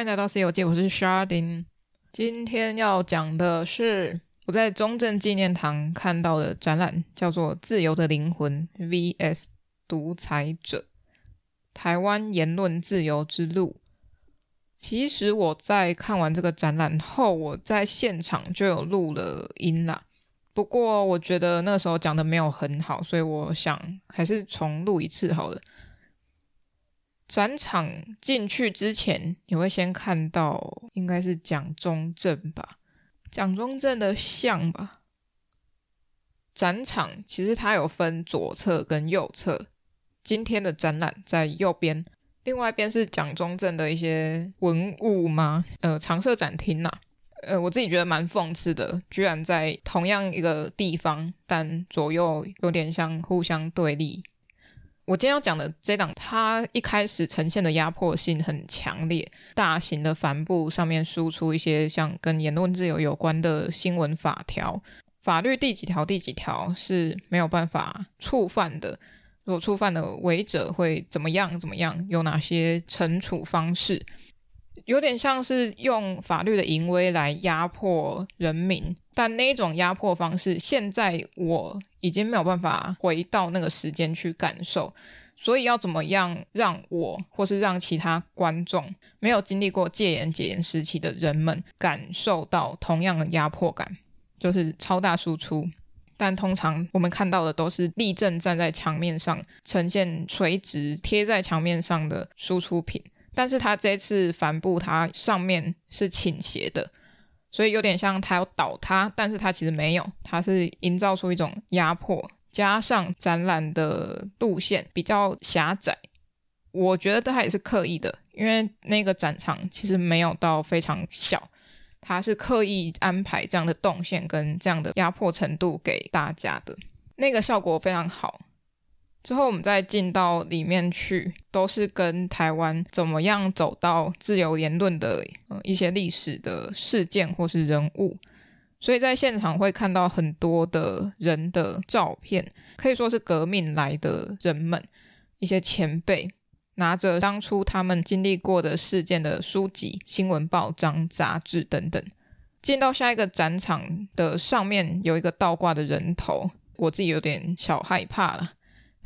歡迎來到《C 遊記》，我是 Chardin。今天要講的是我在中正紀念堂看到的展覽，叫做《自由的靈魂》VS 獨裁者：台灣言論自由之路。其實我在看完這個展覽後，我在現場就有錄了音啦。不過我覺得那時候講的沒有很好，所以我想還是重錄一次好了。展場進去之前，你會先看到應該是蔣中正吧，蔣中正的像吧。展場其實它有分左側跟右側，今天的展覽在右邊，另外一邊是蔣中正的一些文物嗎？呃，常設展廳吶、啊。呃，我自己覺得蠻諷刺的，居然在同樣一個地方，但左右有點像互相對立。我今天要講的這檔，它一開始呈現的壓迫性很強烈。大型的帆布上面輸出一些像跟言論自由有關的新聞法條，法律第幾條、第幾條是沒有辦法觸犯的。如果觸犯了，違者會怎麼樣？怎麼樣？有哪些懲處方式？有點像是用法律的淫威來壓迫人民。但那那種壓迫方式，現在我已經沒有辦法回到那個時間去感受，所以要怎麼樣讓我，或是讓其他觀眾沒有經歷過戒嚴、解嚴時期的人們感受到同樣的壓迫感，就是超大輸出。但通常我們看到的都是立正站在牆面上，呈現垂直貼在牆面上的輸出品，但是它這次帆布，它上面是傾斜的。所以有點像它要倒塌，但是它其實沒有，它是營造出一種壓迫，加上展覽的路線比較狹窄，我覺得它也是刻意的，因為那個展場其實沒有到非常小，它是刻意安排這樣的動線跟這樣的壓迫程度給大家的，那個效果非常好。之後我們再進到裡面去，都是跟台灣怎麼樣走到自由言論的一些歷史的事件或是人物，所以在現場會看到很多的人的照片，可以說是革命來的人們，一些前輩拿着當初他們經歷過的事件的書籍、新聞報章、雜誌等等。進到下一個展場的上面有一個倒掛的人頭，我自己有點小害怕了。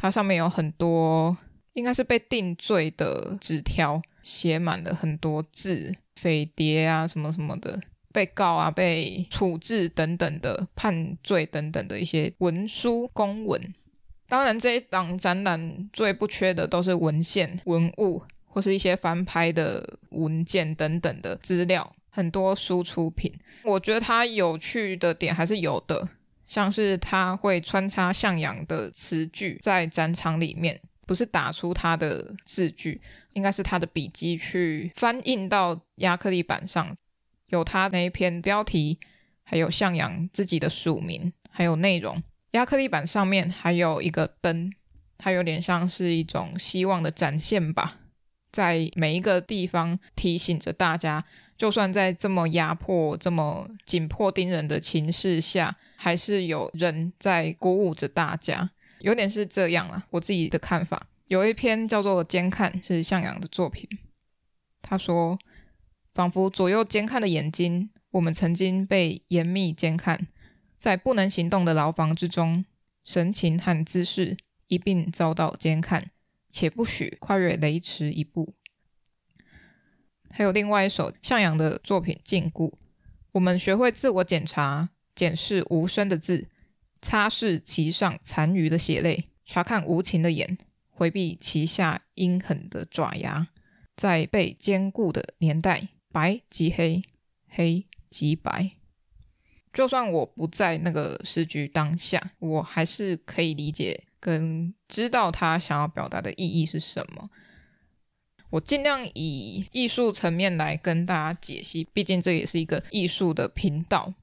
它上面有很多，應該是被定罪的紙條，寫滿了很多字，匪諜啊，什麼什麼的，被告啊，被處置等等的判罪等等的一些文書公文。當然，這一檔展覽最不缺的都是文獻、文物或是一些翻拍的文件等等的資料，很多輸出品。我覺得它有趣的點還是有的。像是他會穿插向陽的詞句在展場裡面，不是打出他的字句，應該是他的筆記去翻印到壓克力板上，有他那一篇標題，還有向陽自己的署名，還有內容。壓克力板上面還有一個燈，它有點像是一種希望的展現吧，在每一個地方提醒着大家，就算在這麼壓迫、這麼緊迫盯人的情勢下。還是有人在鼓舞着大家，有點是這樣啊，我自己的看法，有一篇叫做《監看》，是向陽的作品。他說：“仿佛左右監看的眼睛，我們曾經被嚴密監看，在不能行動的牢房之中，神情和姿勢一併遭到監看，且不許跨越雷池一步。”還有另外一首向陽的作品《禁錮》，我們學會自我檢查。檢視無聲的字，擦拭其上殘餘的血淚；查看無情的眼，回避其下陰狠的爪牙。在被堅固的年代，白即黑，黑即白。就算我不在那個時局當下，我還是可以理解跟知道他想要表達的意義是什麼？我盡量以藝術層面來跟大家解析，畢竟這也是一個藝術的頻道。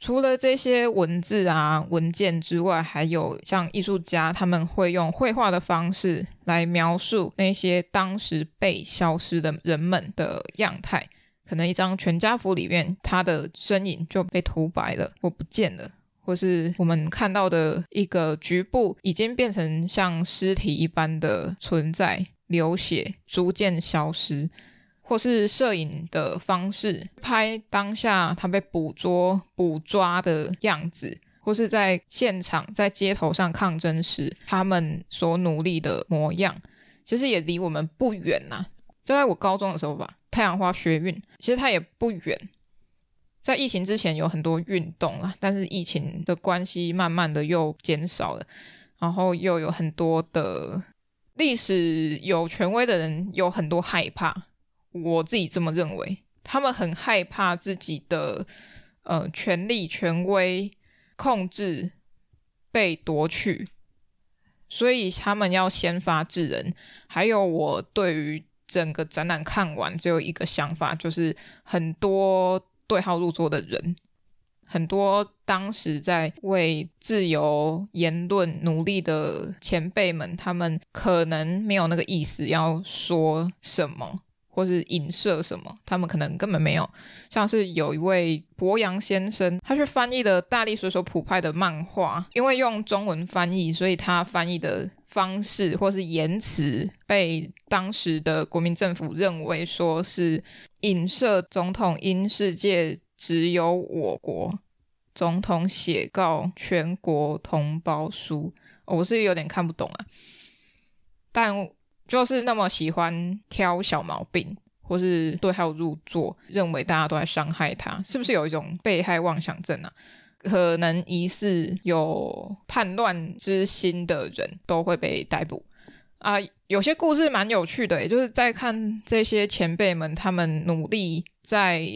除了這些文字啊、文件之外，還有像藝術家，他們會用繪畫的方式來描述那些當時被消失的人們的樣態。可能一張全家福裡面，他的身影就被塗白了，或不見了，或是我們看到的一個局部已經變成像屍體一般的存在，流血，逐漸消失。或是攝影的方式拍當下他被捕捉，捕抓的樣子，或是在現場在街頭上抗爭時他們所努力的模樣，其實也離我們不遠吶。就在我高中的時候吧，太陽花學運其實它也不遠。在疫情之前有很多運動啊，但是疫情的關係慢慢的又減少了，然後又有很多的歷史，有權威的人有很多害怕，我自己這麼認為，他們很害怕自己的呃權力、權威、控制被奪去，所以他們要先發制人。還有，我對於整個展覽看完只有一個想法，就是很多對號入座的人，很多當時在為自由言論努力的前輩們，他們可能沒有那個意思要說什麼。或是影射什麼，他們可能根本沒有。像是有一位柏楊先生，他去翻譯了《大力水手》普派的漫畫，因為用中文翻譯，所以他翻譯的方式或是言辭，被當時的國民政府認為說是影射總統，因世界只有我國總統寫告全國同胞書。哦，我是有點看不懂啊，但。就是那麼喜歡挑小毛病，或是對號入座，認為大家都在傷害他，是不是有一種被害妄想症啊？可能疑似有叛亂之心的人都會被逮捕啊。有些故事蠻有趣的，也就是在看這些前輩們他們努力在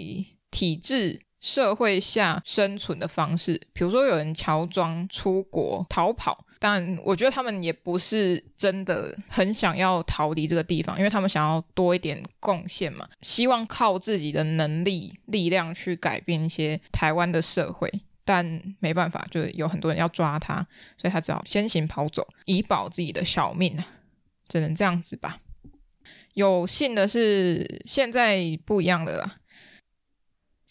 體制社會下生存的方式，比如說有人喬裝出國逃跑。但我覺得他們也不是真的很想要逃離這個地方，因為他們想要多一點貢獻嘛，希望靠自己的能力、力量去改變一些台灣的社會。但沒辦法，就是有很多人要抓他，所以他只好先行跑走，以保自己的小命，只能這樣子吧。有幸的是，現在不一樣了啦。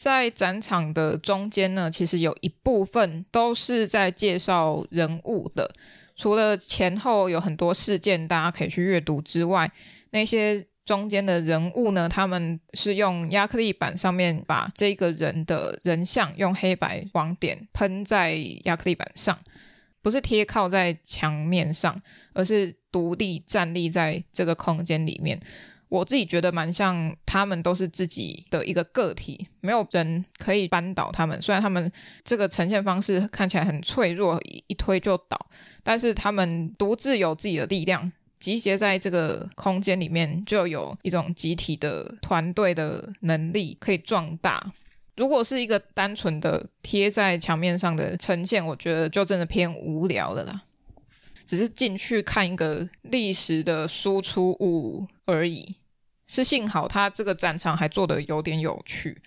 在展場的中間呢，其實有一部分都是在介紹人物的。除了前後有很多事件大家可以去閱讀之外，那些中間的人物呢，他們是用壓克力板上面把這個人的人像用黑白網點噴在壓克力板上，不是貼靠在牆面上，而是獨立站立在這個空間裡面。我自己覺得蠻像，他們都是自己的一個個體，沒有人可以扳倒他們。雖然他們這個呈現方式看起來很脆弱，一推就倒，但是他們獨自有自己的力量，集結在這個空間裡面，就有一種集體的團隊的能力可以壯大。如果是一個單純的貼在牆面上的呈現，我覺得就真的偏無聊了啦，只是進去看一個歷史的輸出物而已。是幸好他這個展場還做得有點有趣，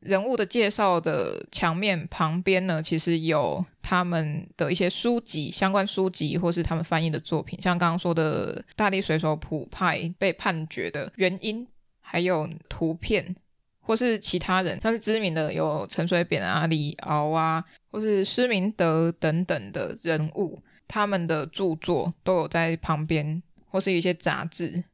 人物的介紹的牆面旁邊呢，其實有他們的一些書籍，相關書籍或是他們翻譯的作品，像剛剛說的《大力水手普派》被判決的原因，還有圖片或是其他人，他是知名的有陳水扁啊、李敖啊，或是施明德等等的人物，他們的著作都有在旁邊，或是一些雜誌。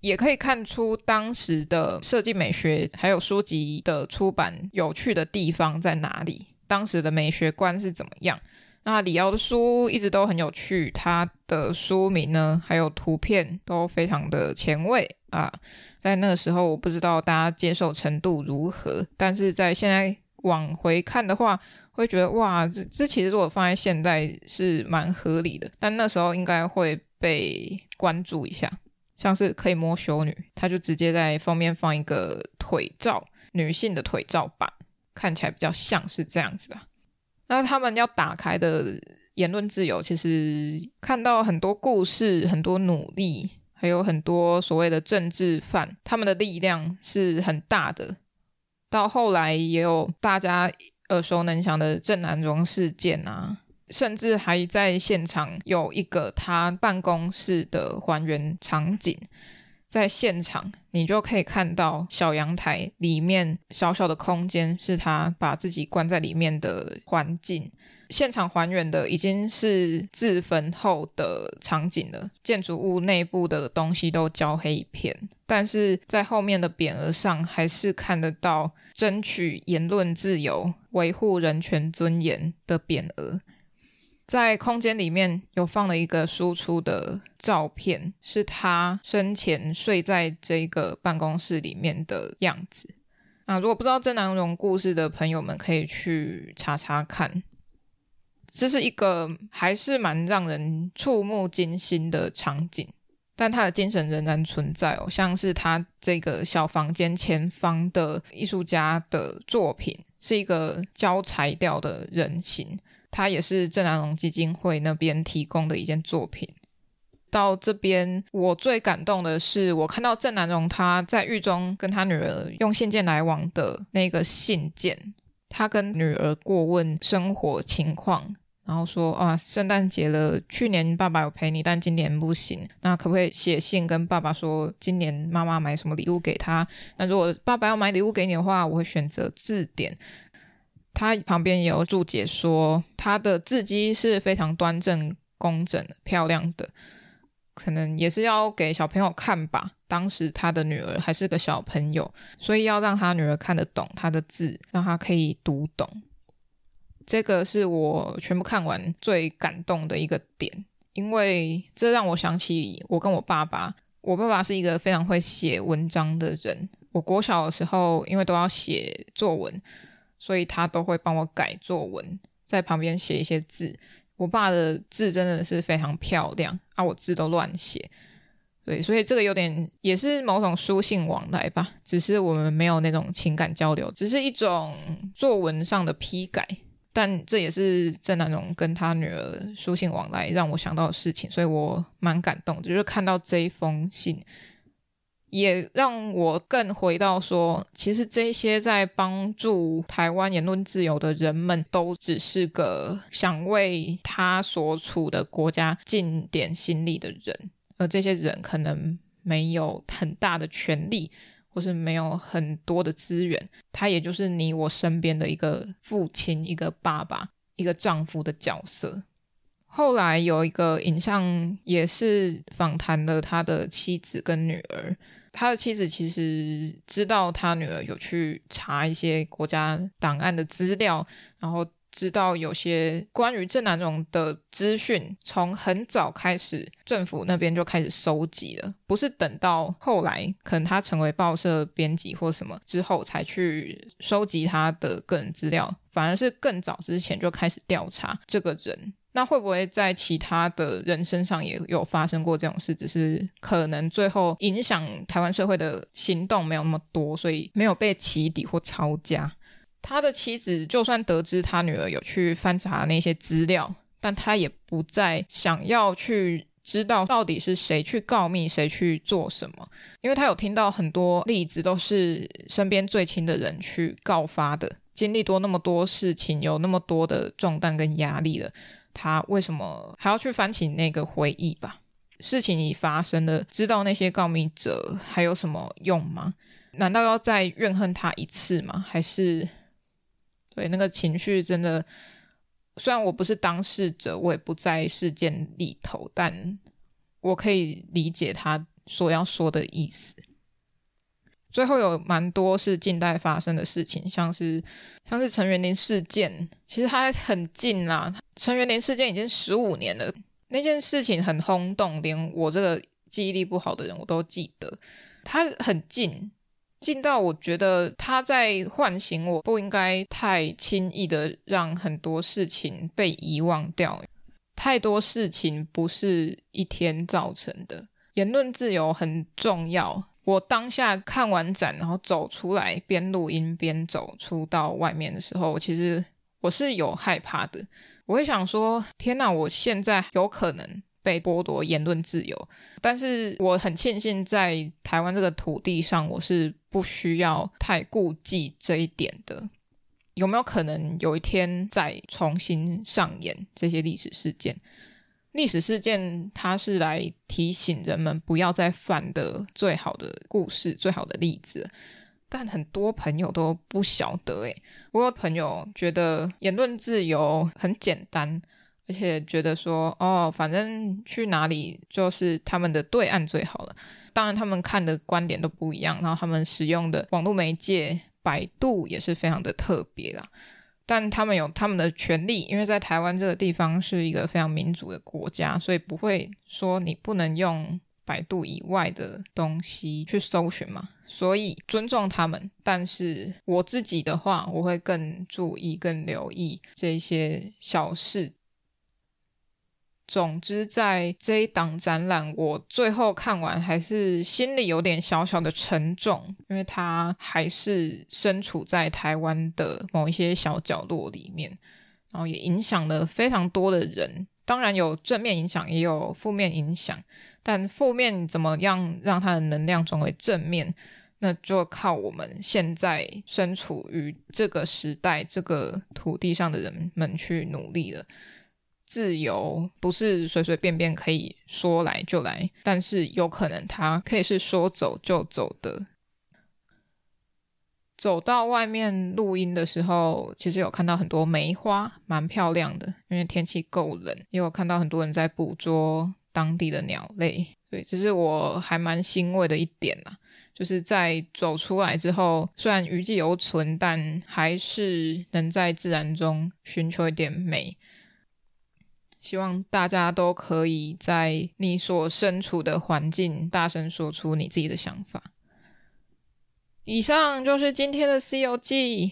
也可以看出當時的設計美學還有書籍的出版，有趣的地方在哪裡，當時的美學觀是怎麼樣？那李敖的書一直都很有趣，他的書名呢，還有圖片都非常的前衛啊。在那個時候，我不知道大家接受程度如何，但是在現在往回看的話，會覺得哇，這這其實如果放在現在是蠻合理的，但那時候應該會被關注一下。像是可以摸修女，他就直接在封面放一個腿照，女性的腿照版，看起來比較像是這樣子的。那他們要打開的言論自由，其實看到很多故事，很多努力，還有很多所謂的政治犯，他們的力量是很大的。到後來也有大家耳熟能詳的鄭南榕事件啊。甚至還在現場有一個他辦公室的還原場景，在現場你就可以看到小陽台裡面小小的空間是他把自己關在裡面的環境。現場還原的已經是自焚後的場景了，建築物內部的東西都焦黑一片，但是在後面的匾額上還是看得到“爭取言論自由，維護人權尊嚴”的匾額。在空間裡面有放了一個輸出的照片，是他生前睡在這個辦公室裡面的樣子。啊，如果不知道鄭南榕故事的朋友們，可以去查查看。這是一個還是蠻讓人觸目驚心的場景，但他的精神仍然存在哦。像是他這個小房間前方的藝術家的作品，是一個交材掉的人形。他也是鄭南榕基金會那邊提供的一件作品。到這邊，我最感動的是，我看到鄭南榕他在獄中跟他女兒用信件來往的那個信件，他跟女兒過問生活情況，然後說：“啊，聖誕節了，去年爸爸有陪你，但今年不行。那可不可以寫信跟爸爸說，今年媽媽買什麼禮物給他？那如果爸爸要買禮物給你的話，我會選擇字典。”他旁邊也有註解說，他的字跡是非常端正、工整、漂亮的，可能也是要給小朋友看吧。當時他的女兒還是個小朋友，所以要讓他女兒看得懂他的字，讓他可以讀懂。這個是我全部看完最感動的一個點，因為這讓我想起我跟我爸爸。我爸爸是一個非常會寫文章的人。我國小的時候，因為都要寫作文。所以他都會幫我改作文，在旁邊寫一些字。我爸的字真的是非常漂亮啊，我字都亂寫。對，所以這個有點也是某種書信往來吧，只是我們沒有那種情感交流，只是一種作文上的批改。但這也是鄭南榕跟他女兒書信往來讓我想到的事情，所以我蠻感動的，就是看到這一封信。也讓我更回到說，其實這些在幫助台灣言論自由的人們，都只是個想為他所處的國家盡點心力的人，而這些人可能沒有很大的權力，或是沒有很多的資源，他也就是你我身邊的一個父親、一個爸爸、一個丈夫的角色。後來有一個影像，也是訪談了他的妻子跟女兒。他的妻子其實知道他女兒有去查一些國家檔案的資料，然後知道有些關於鄭南榕的資訊，從很早開始政府那邊就開始收集了，不是等到後來可能他成為報社編輯或什麼之後才去收集他的個人資料，反而是更早之前就開始調查這個人。那會不會在其他的人身上也有發生過這種事？只是可能最後影響台灣社會的行動沒有那麼多，所以沒有被起底或抄家。他的妻子就算得知他女兒有去翻查那些資料，但他也不再想要去知道到底是誰去告密、誰去做什麼，因為他有聽到很多例子都是身邊最親的人去告發的。經歷多那麼多事情，有那麼多的重擔跟壓力了。他為什麼還要去翻起那個回憶吧？事情已發生了，知道那些告密者還有什麼用嗎？難道要再怨恨他一次嗎？還是…對，那個情緒真的。雖然我不是當事者，我也不在事件裡頭，但我可以理解他所要說的意思。最後有蠻多是近代發生的事情，像是像是陳雲林事件，其實他很近啦。陳雲林事件已經十五年了，那件事情很轟動，連我這個記憶力不好的人我都記得。他很近，近到我覺得他在喚醒我，不應該太輕易的讓很多事情被遺忘掉。太多事情不是一天造成的，言論自由很重要。我當下看完展，然後走出來，邊錄音邊走出到外面的時候，其實我是有害怕的。我會想說：“天哪，我現在有可能被剝奪言論自由。”但是我很慶幸，在台灣這個土地上，我是不需要太顧忌這一點的。有沒有可能有一天再重新上演這些歷史事件？歷史事件，它是來提醒人們不要再犯的最好的故事、最好的例子。但很多朋友都不曉得，誒我有朋友覺得言論自由很簡單，而且覺得說，哦，反正去哪裡就是他們的對岸最好了。當然，他們看的觀點都不一樣，然後他們使用的網絡媒介百度也是非常的特別啦。但他們有他們的權利，因為在台灣這個地方是一個非常民主的國家，所以不會說你不能用百度以外的東西去搜尋嘛。所以尊重他們，但是我自己的話，我會更注意、更留意這些小事。總之，在這一檔展覽，我最後看完還是心裡有點小小的沉重，因為它還是身處在台灣的某一些小角落裡面，然後也影響了非常多的人。當然有正面影響，也有負面影響。但負面怎麼樣讓它的能量轉為正面，那就靠我們現在身處於這個時代、這個土地上的人們去努力了。自由不是隨隨便便可以說來就來，但是有可能它可以是說走就走的。走到外面錄音的時候，其實有看到很多梅花，蠻漂亮的，因為天氣夠冷，也有看到很多人在捕捉當地的鳥類，所以這是我還蠻欣慰的一點啦。就是在走出來之後，雖然餘悸猶存，但還是能在自然中尋求一點美。希望大家都可以在你所身處的環境大聲說出你自己的想法。以上就是今天的《C 遊記》。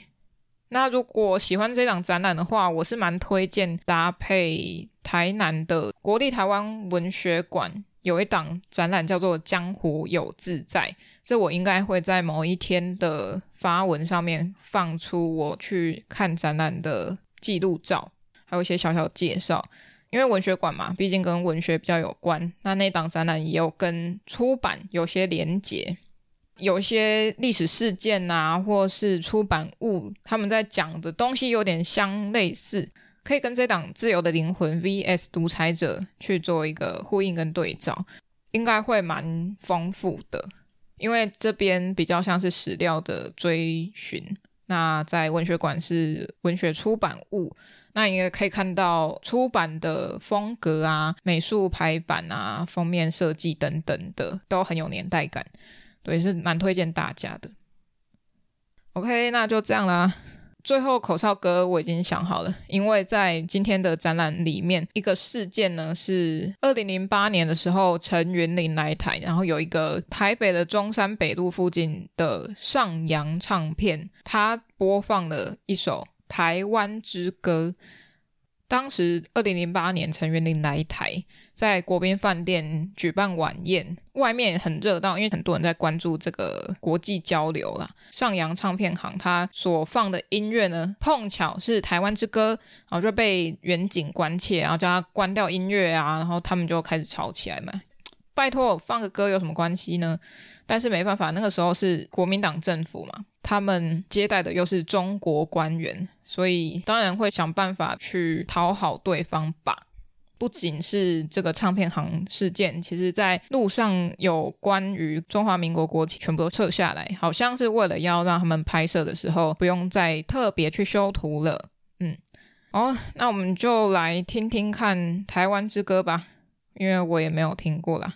那如果喜歡這檔展覽的話，我是蠻推薦搭配台南的國立台灣文學館有一檔展覽叫做《江湖有字在》，這我應該會在某一天的發文上面放出我去看展覽的記錄照，還有一些小小的介紹。因為文學館嘛，畢竟跟文學比較有關，那那檔展覽也有跟出版有些連結，有些歷史事件啊，或是出版物，他們在講的東西有點相類似，可以跟這檔《自由的靈魂》VS 獨裁者去做一個呼應跟對照，應該會蠻豐富的，因為這邊比較像是史料的追尋，那在文學館是文學出版物。那你也可以看到出版的風格啊、美術排版啊、封面設計等等的都很有年代感，對，是蠻推薦大家的。OK，那就這樣啦。最後口哨歌我已經想好了，因為在今天的展覽裡面，一個事件呢是二零零八年的時候，陳雲林來台，然後有一個台北的中山北路附近的上揚唱片，他播放了一首。《台灣之歌》，當時二零零八年，陳雲林來台，在國賓飯店舉辦晚宴，外面很熱鬧，因為很多人在關注這個國際交流啦。上揚唱片行他所放的音樂呢，碰巧是《台灣之歌》，然後就被遠景關切，然後叫他關掉音樂啊，然後他們就開始吵起來嘛。拜托，我放個歌有什麼關係呢？但是沒辦法，那個時候是國民黨政府嘛。他們接待的又是中國官員，所以當然會想辦法去討好對方吧。不僅是這個唱片行事件，其實在路上有關於中華民國國旗全部都撤下來，好像是為了要讓他們拍攝的時候不用再特別去修圖了。嗯，哦，那我們就來聽聽看《台灣之歌》吧，因為我也沒有聽過啦。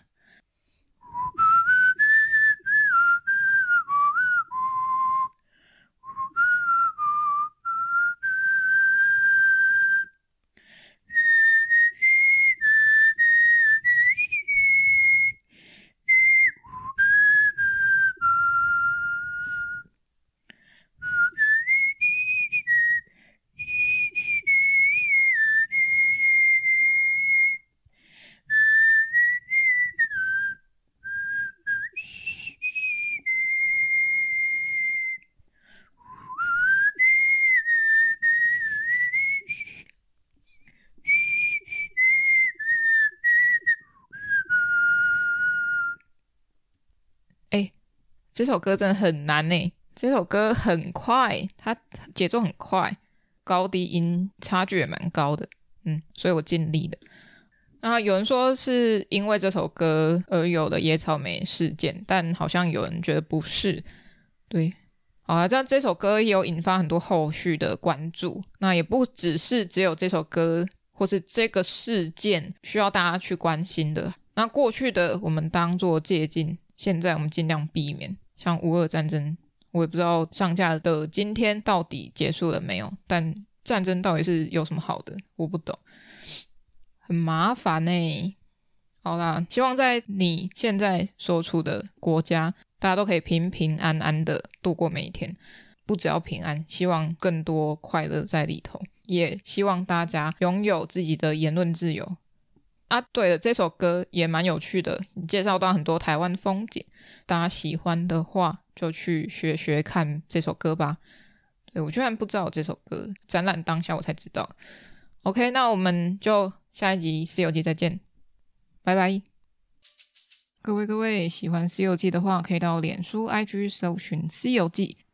這首歌真的很難呢，這首歌很快，它節奏很快，高低音差距也蠻高的，嗯，所以我盡力了。然後有人說是因為這首歌而有的野草莓事件，但好像有人覺得不是，對，好像這首歌也有引發很多後續的關注，那也不只是只有這首歌或是這個事件需要大家去關心的，那過去的我們當作借鑑，現在我們盡量避免。像俄烏戰爭，我也不知道上架的今天到底結束了沒有，但戰爭到底是有什麼好的？我不懂，很麻煩呢、欸。好啦，希望在你現在所處的國家，大家都可以平平安安的度過每一天。不只要平安，希望更多快樂在裡頭，也希望大家擁有自己的言論自由。啊，對了，這首歌也蠻有趣的，你介紹到很多台灣風景。大家喜歡的話，就去學學看這首歌吧。對，我居然不知道這首歌，展覽當下我才知道。OK，那我們就下一集《C 遊記》再見，拜拜！各位各位，喜歡《C 遊記》的話，可以到臉書、IG 搜尋、C 遊記《C 遊記》。